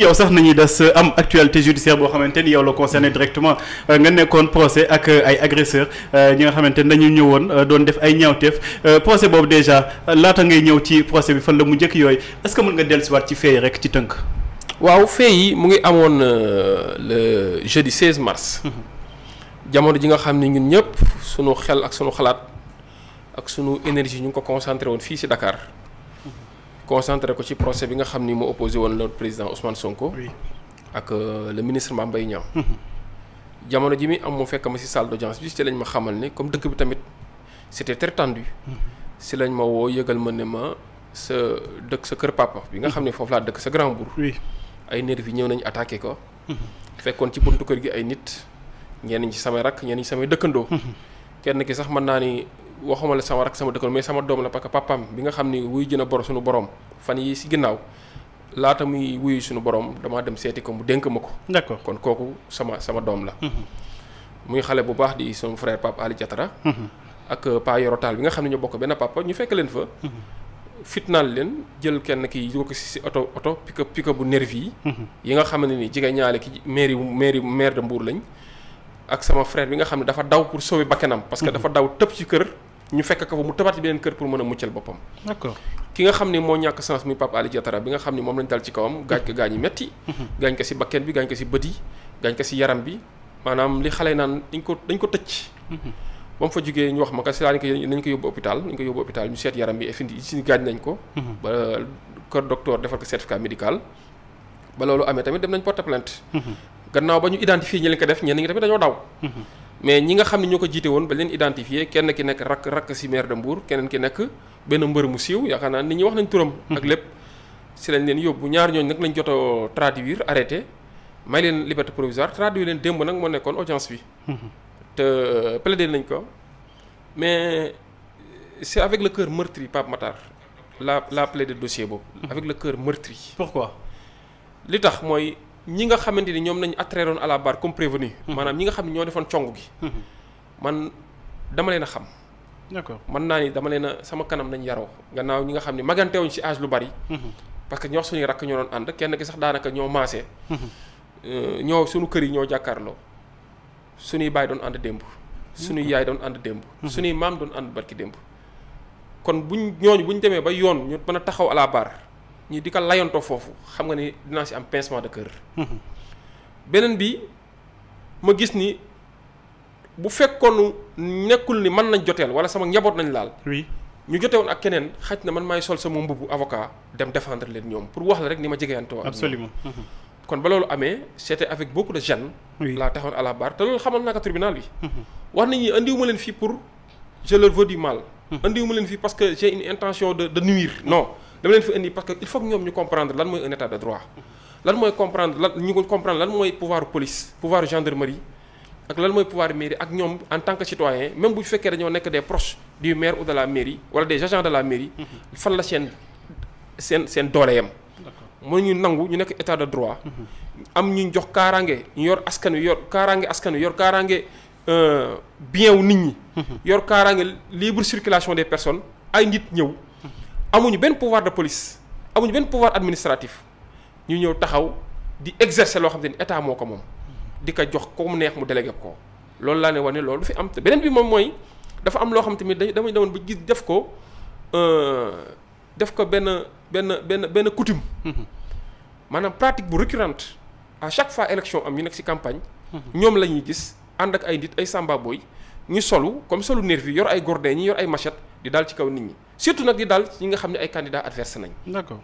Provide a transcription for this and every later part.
yow sax nañuy dess euh, am actualité judiciaire bo xamanteni yow la concerné directement euh, nga nekkoon procès ak euh, ay agresseurs ñi nga xamanteni dañu ñëwoon doon def ay ñaawteef procès bobu déjà lata ngay ñëw ci procès bi fan la mu njëkk yoy est-ce que mën nga dellusiwaat ci fee yi rek ci tënk. waaw fee yi mu ngi amoon le jeudi 16 mars. Mhm. jamono ji nga xam ne ñun ñëpp sunu xel ak sunu xalaat ak sunu énergie ñu ngi ko concentré woon fii ci Dakar concentré ko ci procès bi nga xamni mo opposé won le président Ousmane Sonko. oui ak euh, le ministre Mame Mbaye Niang. Mhm. jamono ji mi am mo fekk ma ci salle d'audience juste lañ ma xamal ni comme dëkk bi tamit c'était très tendu. Mhm. ci lañ ma wo yëgal ma ne ma ce dëkk ce cœur papa bi nga xamni fofu la laa dëkk sa Grand Bour. oui ay yi ñew nañ attaqué ko. Mhm. fekkon ci buntu kër gi ay nit. ñen ñi ci samay rakk ñenn ñi samay dëkkandoo. kenn ki sax man naa ni waxuma la sama rak sama dekkal mais sama dom la parce que papam bi nga xamni wuy jëna bor suñu borom fan yi si ginnaaw laata muy wuy suñu borom dama dem séti ko mu denk mako d'accord kon koku sama sama dom la. Mhm. muy xalé bu baax di son frère pap Ali Diatara. Mhm. ak euh, Pa yorotal bi nga xamni ñu bokk ben papa ñu fekk leen fa. Mhm. fitnal leen jël kenn ki yu ko ci auto pick up pick bu nervi yi. yi nga xamni ni jigéen ñaale ki mairie mairie maire de Mbour lañ. ak sama frère bi nga xamni dafa daw pour sauver bakenam parce que dafa daw tepp ci kër ñu fekk ko di mu tabaat benen kër pour mëna muccel bopam d'accord ki nga xamni mo ñak ñàkk sens muy papa Ali Diatara bi nga xamni mom lañ dal ci kawam gaaj ko mhm. gaañ metti gañ ko ci bakken bi gañ ko ci bët yarambi, gaañ ko si yaram bi manam li xalé nan dañ ko dañ ko tecc mhm. bam fa jógee ñu wax ma ka ci lañ ko nañ ko yobbu hôpital nañ ko yobbu hôpital ñu sét yaram bi effindi ci gaañ nañ ko mhm. ba ko docteur defal ko certificat médical ba lolu amé tamit dem nañ porte plainte gannaaw ba identifier ñi lañ ko def ñi tamit dañu daw mais ñi nga xamni ñoko jité won jiite woon ba leen identifié kenn ki nekk rak rak si maire de Mbour keneen ki nekk ben mbeur mu siw ya xana nit ñi wax nañ turam. ak lepp ci lañ leen yobbu ñaar ñooñu nak lañ jot traduire arrêter may leen liberté provisoire traduire leen démb nak mo nekkoon audience bi. te euh, plaider nañ ko mais c'est avec le cœur meurtri Pape Matar la la plaidé dossier bob avec le cœur meurtri. pourquoi li tax moy ñi nga xamanteni ñom lañu nañ attrairoon à la barre comme prévenu manam mhm. ñi nga xamni ño defon chongu gi mhm. man dama leena xam d'accord man nani ni dama leena sama kanam nañ yaro gannaaw ñi nga xamni maganté wuñ si âge lu bari mhm. parce que ñox suñu rak ñoo and kenn ki sax daanaka ñoo maasee euh, ñoo suñu kër yi ñoo jakarlo suñu bay doon and demb suñu yaay doon and demb suñu mam doon and barki demb kon buñ ñoo buñ démé ba yoon ñu mëna taxaw à la barre ñu di ko layantoo foofu xam nga ni dinaa si am pincement de cœur. Mhm. beneen bi ma gis ni bu fekkoon nekkul ni mën nañ joteel wala sama njaboot nañ laal. ñu jote woon ak keneen xaj na man maay sol sama mbubu avocat dem défendre leen ñoom pour wax la rek ni ma jegeyantoo. absolument mhm. kon ba loolu amee c'était avec beaucoup de jeunes. laa taxoon à la barre te loolu xamal naa ko tribunal bi. Mhm. wax nañ ni andiwuma leen fii pour je leur veux mal. andiwuma leen fii parce que j'ai une de de dama leen fi indi parce que il faut que ñoom ñu comprendre lan mooy un état de droit lan mooy comprendre lan ñu ko comprendre lan mooy pouvoir police pouvoir gendarmerie ak lan mooy pouvoir mairie ak ñoom en tant que citoyen même bu fekkee dañoo nekk des proches du maire ou de la mairie wala des agents de la mairie. Mhm. fan la seen seen seen doole yam mooy ñu nangu ñu nekk état de droit. Mhm. am ñu jox kaaraange ñu yor askan wi yor kaaraange askan wi yor kaaraange euh, bien wu nit ñi. Mhm. yor kaaraange libre circulation des personnes ay nit ñëw amuñu ben pouvoir de police amuñu ben pouvoir administratif ñu ñëw taxaw di exercer lo xam te état moko mom moom di ko jox ko mu neex mu déléguer ko loolu la ne wone loolu fi am te beneen bi mom moy dafa am lo xam tamit dañu damay demoon ba gis def ko euh, def ko ben ben ben ben coutume manam pratique bu récurrente à chaque fois élection am ñu nekk ci campagne ñom lañuy gis and ak ay nit ay samba boy ñu solo comme solo nervi yor ay gourdin ñi yor ay machette di dal ci kaw nit ñi surtout nak di dal ñi nga xamni ay candidat adverse nañ. d'accord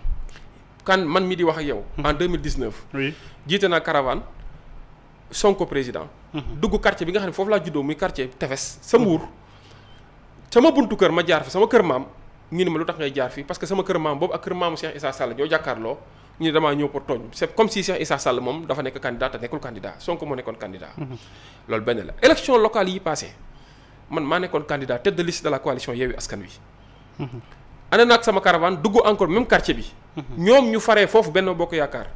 kan man mi di wax ak yow. Hmm. en 2019. oui jité na caravane Sonko président. Hmm. dugg quartier bi nga xamni fofu la laa muy quartier Tefes sa mur sama buntu kër ma jaar fi sama kër mam ñu ni ma lutax ngay jaar fi parce que sama kër mam boobu ak kër mam Cheikh Issa Sall ñoo jakarlo ñu ne damaa ñëw pour c'est comme si Cheikh Issa Sall mom dafa nek candidat te candidat Sonko mo nekkoon candidat. Hmm. lool benn la locale yi passé man maa nekkoon candidat tête de liste de la coalition Yewwi Askan Wi. ànd nak sama caravane dugg encore même quartier bi. ñoom ñu faree foofu Benno Bokk Yaakaar.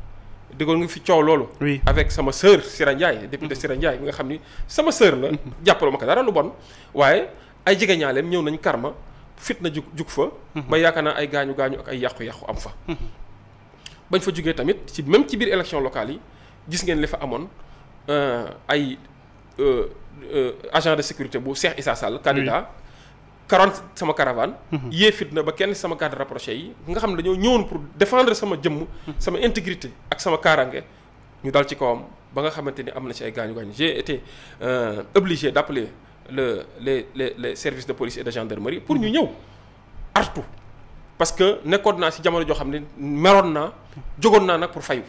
déggoon nga fi coow loolu. avec sama sœur Sira Ndiaye. député mhm. Sira Ndiaye bi nga xam ni sama sœur la. Mhm. jàppaloo ma ko dara lu bon waaye ay jegeñaaleem ñëw nañ karma fit na juk jug fa. Mhm. ba yaakaar naa ay gaañu gaañu ak ay yàqu-yàqu am fa. bañ fa jugee tamit ci même ci biir élection locale yi gis ngeen li fa amoon euh, ay. Euh, Euh, agent de sécurité bu Cheikh Issa Sall candidat quarante sama caravane mhm. yee na ba kenn sama cadre rapproché yi nga xam ne dañoo ñëwoon pour défendre sama jëm mhm. sama intégrité ak sama kaarange ñu dal ci kawam ba nga xamante ni am na ci ay gaañu gaañu j'ai été euh, obligé d'appeler le les les les services de police et de gendarmerie pour ñu mhm. ñëw artu parce que nekkoon naa si jamono joo xam ne meroon naa jógoon naa nag pour fayu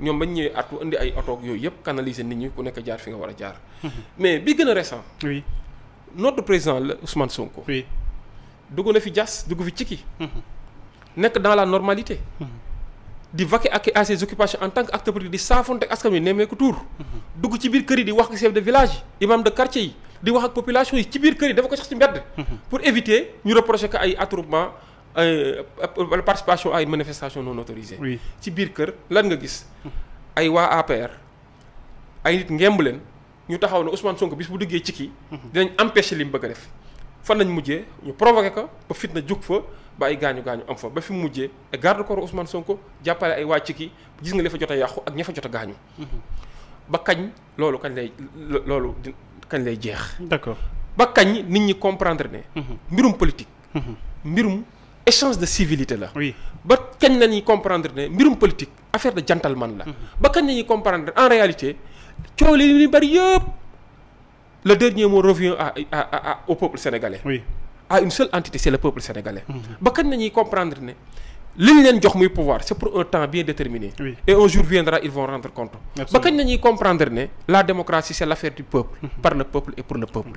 ñom bañ ñëwee artu indi ay auto ak yooyu yëpp canaliser nit ñi ku nekk jaar fi nga wara jaar. Mhm. mais bi gëna a récent. oui notre président Ousmane Sonko. oui dugg na fi jass dugg fi ciki. Mhm. nekk dans la normalité. Mhm. di vaquer ak à ses occupations en tant qu'acteur acteur politique di saafonte ak askan némé ko tour dugg ci biir kër yi di wax ak chef de village imam de quartier yi di wax ak population yi ci biir kër yi dafa ko sax ci mbedd. pour éviter ñu reprocher que ay attroupement. wala euh, euh, participation à une manifestation non autorisée. oui ci biir kër lan nga gis. ay waa APR ay nit ngemb leen ñu taxaw ne Ousmane Sonko bis bu diggee ci kii. dinañ empêcher li mu bëgg a def. fan nañ mujjee ñu provoqué ko ba fitna jug fa ba ay gaañu gaañu am fa ba fi mu mujjee garde corps Ousmane Sonko jàppale ay waa ci kii gis nga li fa jot a yàqu ak ña fa jot a gaañu. ba kañ loolu kañ lay loolu kañ lay jeex. d'accord ba kañ nit ñi comprendre ne. Mhm. mbirum politique. Mhm. mbirum. échange de civilité là. oui ba kañ la comprendre ne mbirum politique affaire de gentleman là. Mhm. ba kañ comprendre en réalité coow li le dernier mot revient à à à au peuple sénégalais. oui à une seule entité c'est le peuple sénégalais. Mhm. ba kañ la ñuy comprendre ne li leen jox pouvoir c'est pour un temps bien déterminé. et un jour viendra ils vont rendre compte. ba kañ la comprendre ne la démocratie c'est l'affaire du peuple. Mhm. par le peuple et pour le peuple.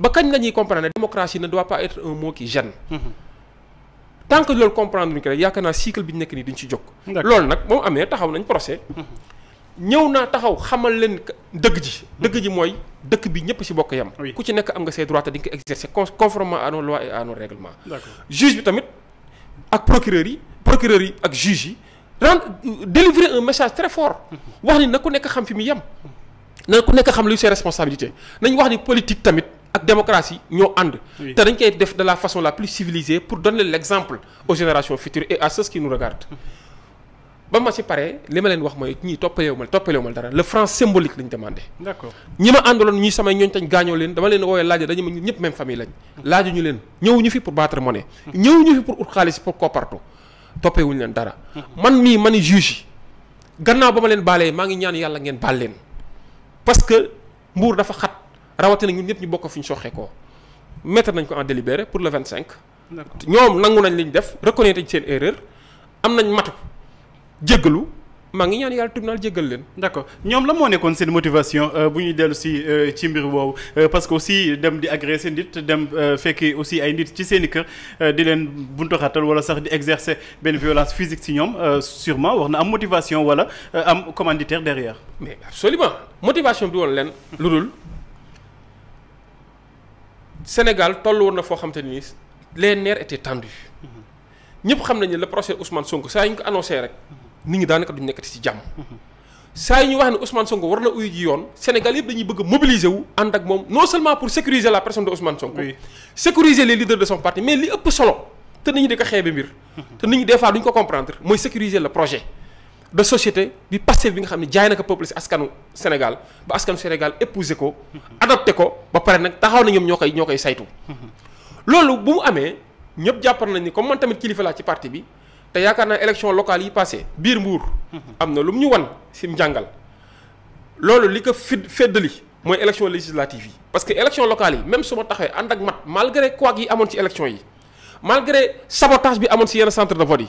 ba kañ la comprendre la démocratie ne doit pas être un mot qui gêne. tant que loolu comprendre luñ ko rek yaakaar naa cycle bi ñu nekk nii dañ ci jóg. loolu nag moom amee taxaw nañ procès. ñëw naa taxaw xamal leen dëgg ji. dëgg ji mooy dëkk bi ñëpp ci bokk yem. ku ci nekk am nga say droit te di nga ko exercer conformément à nos lois et à nos règlements. juge bi tamit ak procureur yi procureur yi ak juge yi rend délivrer un message très fort. wax ni na ku nekk xam fi mu yem. na ku nekk xam luy ses responsabilités nañ wax ni politique tamit. La démocratie ñoo ànd te dañ koy def de la façon la plus civilisée pour donner l'exemple aux générations futures et à ceux qui nous regardent ba ma ci paree li ma leen wax mooy ñii toppalewumal toppalewumal dara le franc symbolique lañ demandé. d'accord ñi ma àndaloon ñi samay ñooñ tañ gaañoo leen dama leen woowee laaj dañu ma même famille lañ. laajuñu leen ñëwuñu fi pour battre monnaie. n'y fi pour ut xaalis pour koparto toppewuñu leen dara. man mii man juge gannaaw ba ma leen baalee maa ngi ñaan yàlla ngeen baal parce que mbuur dafa xat rawatina ñun ñëpp ñu bokk fi ñu soxee koo mettre nañ ko en délibéré pour le 25. d'accord ñoom nangu nañ li def reconnaître seen erreur am nañ matu jéggalu maa ngi ñaan yàlla tribunal jéggal leen. d'accord ñoom la moo nekkoon seen motivation euh, bu ñuy dellu si euh, ci mbir boobu euh, parce que aussi dem di agresser nit dem fekki aussi ay nit ci seen i kër di leen buntu buntoxatal wala sax di exercer benn violence physique si ñoom sûrement war na am motivation wala am commanditaire derrière. mais absolument motivation bi woon leen lu dul. Sénégal toll woon na foo xamante ni les nerfs étaient tendus ñëpp xam nañu ne le procès Ousmane Sonko saa yu ñu ko annoncé rek nit ñi daanaka duñ nekkati ci jàmm. saa yu ñu wax ne Ousmane Sonko war na uyu ji yoon Sénégal yëpp dañuy bëgg a wu ànd ak moom non seulement pour sécuriser la personne de Ousmane Sonko. Oui. sécuriser les leaders de son parti mais li ëpp solo te nit ñi di ko xeebe mbir. te nit ñi des fois duñ ko comprendre mooy sécuriser le projet. de société bi passé bi nga xamni ne jaay na peuple si askanu Sénégal ba askanu Sénégal épousé ko adopté ko ba paré nak taxaw na ñom ñokay ñokay saytu lolu bu mu amé ñep jàppar nañ ni comme man tamit kilifa la ci parti bi te yakarna élection locale yi passé bir Mbour amna na lu mu ñu wan si njàngal loolu li ko fi feddali élection législative yi parce que élection locale yi même suma taxé taxawee ak mat malgré quoi yi amoon ci élection yi malgré sabotage bi amoon ci yenn centre de vote yi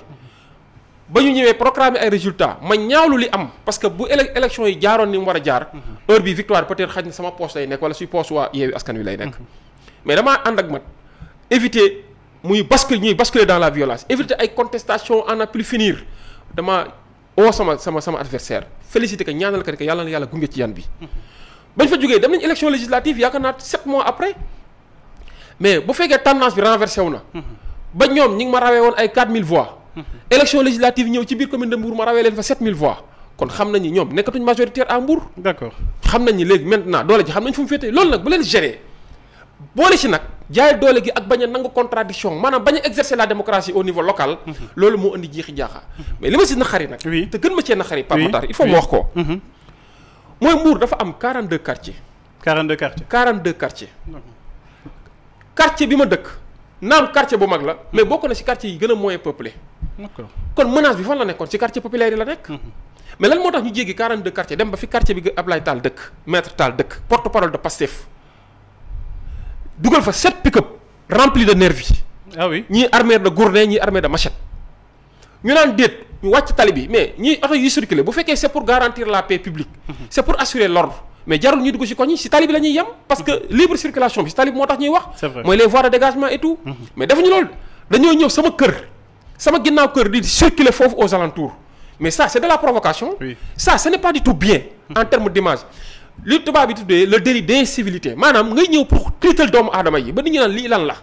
ba ñu ñëwee proclamer ay résultats ma ñaawlu li am parce que bu élec yi jaaroon ni mu war a jaar. Mhm. heure bi victoire peut-être xaj na sama poche lay nekk wala suy poche waa yeewi askan wi lay nekk. Mhm. mais damaa ànd ak mat éviter muy basculer ñuy basculer dans la violence éviter ay contestation en a plus finir dama oo sama sama sama adversaire féliciter que ñaanal ko ne que yàlla na yàlla gunge ci yan bi. Mhm. bañ fa jógee dem nañ élection législative yaakaar naa sept mois après mais bu fekkee tendance bi renversé wu na. ba ñoom ñi ma rawee woon ay 4000 voix. élection législative ñëw ci biir commune de Mbour ma rawee leen fa 7000 voix kon xam ni ñom nekkatuñ majoritaire à Mbour. d'accord xam ni léegi maintenant doole ji xam nañ fu mu fété loolu nak bu leen gérer boole les nak jaay doole gi ak baña nang contradiction manam baña exercer la démocratie au niveau local. Mhm. loolu mo andi jiixi jaxa mais lima ci n'a naxari nak oui te gën ma n'a naxari. par Matar il faut mo wax ko. moy mhm. Mbour dafa am 42 quartiers. 42 quartiers 42 quartiers. quartier bi ma Nam quartier bu magla, mais beaucoup de ci quartier yi gagnent moins moyen peuplé kon menace bi là, la nekkoon ci quartier populaire la nekk mhm. mais lan moo tax ñu jéggi 42 quartiers dem ba fi quartier bi Ablaye Tall dëkk maître Tall dëkk porte parole de Pastef dugal fa sept pick-up rempli de nervis ah oui ni armée de gourdin ni armée de machette ñu naan déet ñu wàcc tali bi mais ñii oto yuy circulé bu que c'est pour garantir la paix publique mhm. c'est pour assurer l'ordre mais jarul ñu dugg ci koñ ci tali bi la ñuy parce que libre circulation bi ci tali motax ñuy wax moy les voies de dégagement et tout mm-hmm. mais ñu lool dañoo ñëw sama kër sama ginnaw kër di circuler fofu aux alentours mais ça c'est de la provocation ça ce n'est pas du tout bien en mm-hmm. termes d'image li tubaab bi tuddé le délit d'incivilité manam ngay ñëw pour critel doomu aadama yi ba nit ñi nan li lan la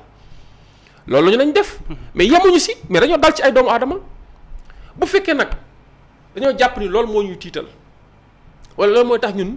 loolu la ñu lañ def mm-hmm. mais yemuñu ci mais dañoo dal ci ay doomu aadama bu fekkee nag dañoo jàpp ni loolu moo ñuy tiital wala loolu mooy tax ñun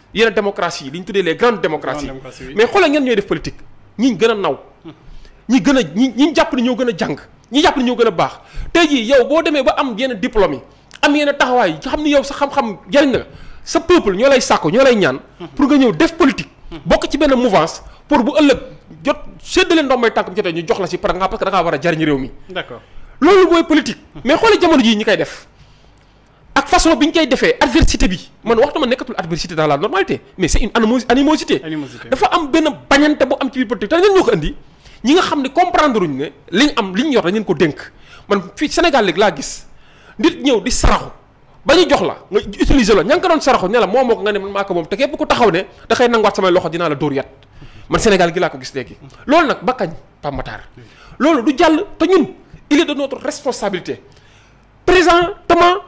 yeneen démocratie yi li ñu tuddee les grandes démocraties mais xoolal ngeen ñooy def politique ñi gën a naw ñi gën a ñi ñi jàpp ni ñoo gën a jàng ñi jàpp ni ñoo gën a baax tey jii yow boo demee ba am yenn diplôme am yenn taxawaay yi xam ni yow sa xam-xam jariñ la sa peuple ñoo lay sàkku ñoo lay ñaan pour nga ñëw def politique bokk ci benn mouvance pour bu ëllëg jot séddale ndombay tànk bu jotee ñu jox la si par exemple parce que da war a jariñ réew mi d'accord loolu mooy politique mais xoolal jamono jii ñi koy def ak façon biñ koy defee adversité bi man waxtu ma nekatul adversité dans la normalité mais c'est une animosité animosité dafa am benn bañante bu am ci biir politique te ñun ko indi ñi nga xamni comprendre uñ ne liñ am liñ ñu yor dañu ko denk man fi Sénégal léegi la gis nit ñew di saraxu ba ñu jox la nga utiliser la ña nga ko saraxu ne la momoko nga ne man maa ko te képp ku taxaw ne da koy nanguwaat sama loxo dina la dóor yat man Sénégal gi la ko gis léegi lool nak ba pamatar Pape loolu du jall te ñun il est de notre responsabilité présentement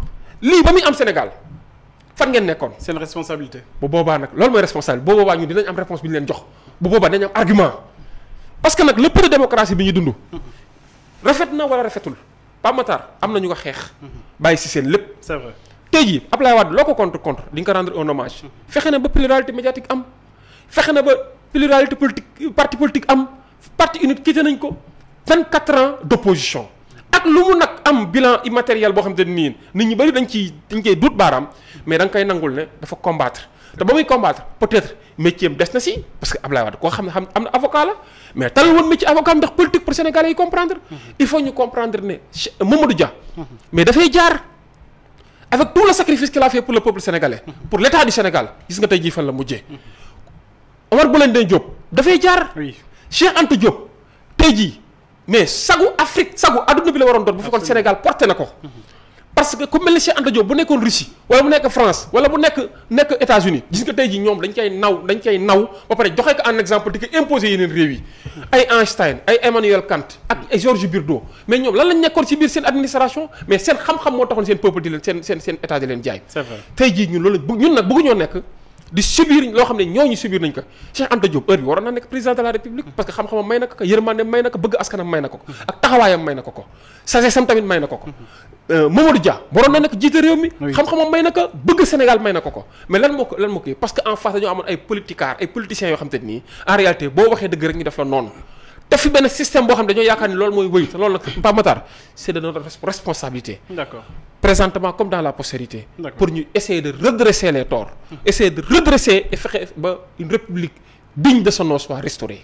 C'est une am C'est responsabilité. bu boobaa nag responsable bu nous ñun dinañ am réponse bi argument parce que nak, le peu démocratie bi ñu dund. ou wala rafetul pas. Matar am ñu ko c'est vrai tey contre contre rendre un hommage. fexe une pluralité médiatique am fexe pluralité politique parti politique am parti unique nañ 24 ans d'opposition. ak lu mu nak am bilan immatériel bo xamanteni ni nit ñi bari dañ ci dañ cey doute baram mais dang nga koy nangul ne dafa combattre te ba muy combattre peut-être métier dess na ci parce que Ablaye wad ko xamna ne am avocat la mais tal woon métier avocat ndax politique pour sénégalais comprendre il faut ñu comprendre ne Mamadou Dia mais da fay jaar avec tout le sacrifice qu'il a fait pour le peuple sénégalais pour l'état du Sénégal gis nga tay ji fan la mujjé Omar den job da fay jaar Cheikh Anta job tay ji mais ça Afrique bi la vous faites que le Sénégal porte un parce que comme les gens Cheikh bu Russie wala mu France wala États-Unis gis ji dañ exemple qui est imposer yeneen yi. Einstein Emmanuel Kant ak Georges Birdo. mais nous lan lañ gens ci administration mais seen xam-xam moo taxoon seen peuple di leen état di leen c'est vrai di subir loo xam ne ñooñu subir nañ ko Cheikh Anta Diop heure bi waroon na nekk président de la république parce que xam-xamam may na ko ko yërmande may na ko bëgg askanam may na ko ko ak taxawaayam may na ko ko sagesam tamit may na ko ko euh, Mamadou Dia waroon na nekk jiite réew mi xam-xamam may na ko bëgg Sénégal may na ko ko mais lan moo lan moo ko parce que en face dañoo amoon ay politicards ay politiciens yoo xam te nii en réalité boo waxee dëgg rek ñu def la noonu c'est de notre responsabilité. présentement comme dans la postérité. pour essayer de redresser les torts. Mmh. essayer de redresser et faire une république digne de son nom soit restaurée.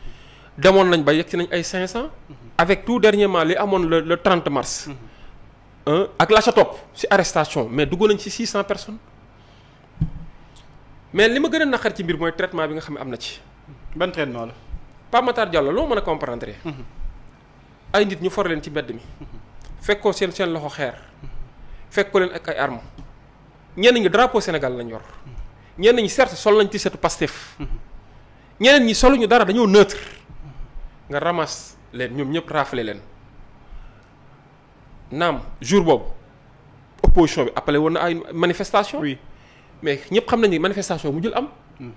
demoon nañ ba yegsi nañ ay 500. Mhm. avec tout dernièrement li amone le le 30 mars. Mhm. Hein? ak la ca topp si arrestation mais dugg nañ ci 600 personnes. mais li ma gën a naqar ci mbir moy traitement bi nga xamé amna ci. ban traitement la. Pape Matar Diallo loo mën a comprendre. Mhm. ay nit ñu for leen ci bedd mi. fekkoo seen seen loxo xeer. fekkoo leen ak ay armes. ñen ñi drapeau Sénégal lañ yor. ñen ñi certes sol lañ ti seetu Pastef. ñen ñi solo ñu dara dañu neutre nga ramas leen ñom ñep rafle len nam jour bob opposition bi appelé woon na ay manifestation oui mais ñep xam nañu manifestation mu jël am. Mhm.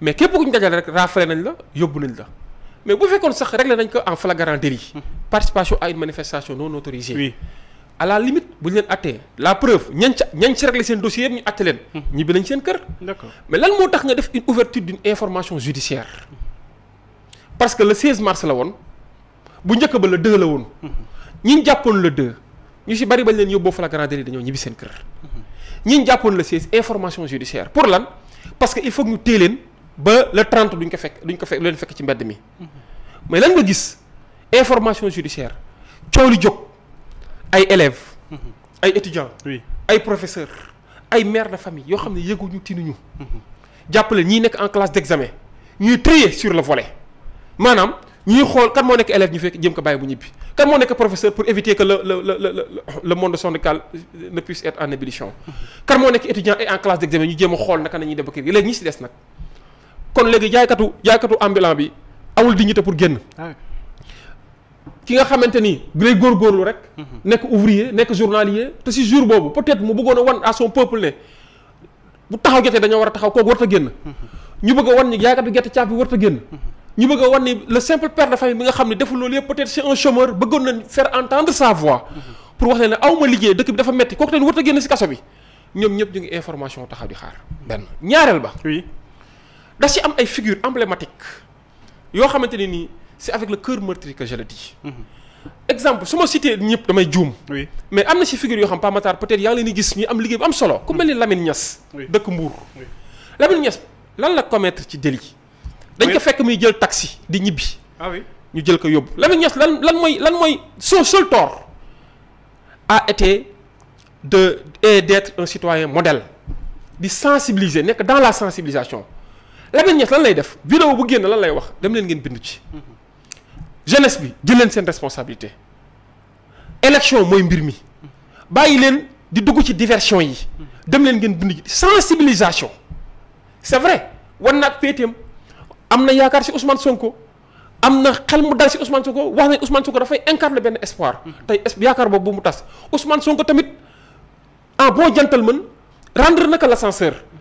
mais képp ku ñu dajale rek rafle nañ la yobbu nañ la mais bu fekkon sax réglé nañ ko en flagrant délit. Mhm. participation à une manifestation non autorisée. oui à la limite bu ñu leen attee la preuve ñañ ca ñañ ci régler seen dossier yëpp ñu atte leen. Mhm. bi lañ seen kër. d'accord mais lan mo tax nga def une ouverture d'une information judiciaire parce que le 16 mars la bu ba le 2 la won ñi le 2 ñu ci bari bañ leen yóbboo flagrant délit le 16 information judiciaire pour lan parce que faut que nous le 30 duñ ko fekk duñ ko mais lan nga gis information judiciaire coow li ay élèves ay étudiants oui ay professeurs ay mères de famille en classe d'examen Nous trier sur le volet manam ñuy xol kan mo nek élève ñu fekk jëm ko bàyyi bu ñibbi kan mo nek professeur pour éviter que le le le le le monde syndical ne puisse être en ébullition kan mo nek étudiant et en classe d'examen ñu jëm xol nak nañu nañuy légui ba kër gi ñi si des nag kon légui jaaykatu jaaykatu ambulant bi awul dignité pour génn ah ki nga xamante ni day góorgóorlu rek mhm. nekk ouvrier nek journalier te si jour bobu peut-être mu bëggoon a wan à son peuple né bu taxaw gerte dañu wara taxaw ko warut a génn mhm. ñu bëgg a wan ñi jaaykatu gerte caaf bi warut génn mhm. Nous bëgg a le simple père de famille peut-être un chômeur faire entendre sa voix. pour wax a ne liggéey dëkk bi dafa metti que a génn ci bi ñëpp ñu ngi information taxaw di xaar. oui il ci am ay figures emblématiques c'est avec le cœur meurtri que je le dis. Mhm. exemple su ma cité ñëpp oui mais am na ci figures qui xam Matar peut-être ngi a gis am liggéey bu mhm. Lamine Lamine commettre délit dañ ko fekk muy jël taxi di ñibbi. ah oui ñu jël ko yóbbu Lamine Niass lan lan mooy lan moy son seul tort a été de et d'être un citoyen modèle di sensibiliser nek dans la sensibilisation Lamine Niass lan lay def vidéo bu génn lan lay wax dem leen ngeen bindu ci jeunesse bi jël leen seen responsabilité élection mooy mbir mi bàyyi leen di dugg ci diversion yi dem leen ngeen bindu ci sensibilisation c'est vrai war naag péeteem am na yaakaar si Ousmane Sonko am na xel mu dal si Ousmane Sonko wax nañ Ousmane Sonko dafay incarner benn espoir mm-hmm. tey yaakaar boobu mu tas Ousmane Sonko tamit en bon gentleman rendre naka la l'ascenseur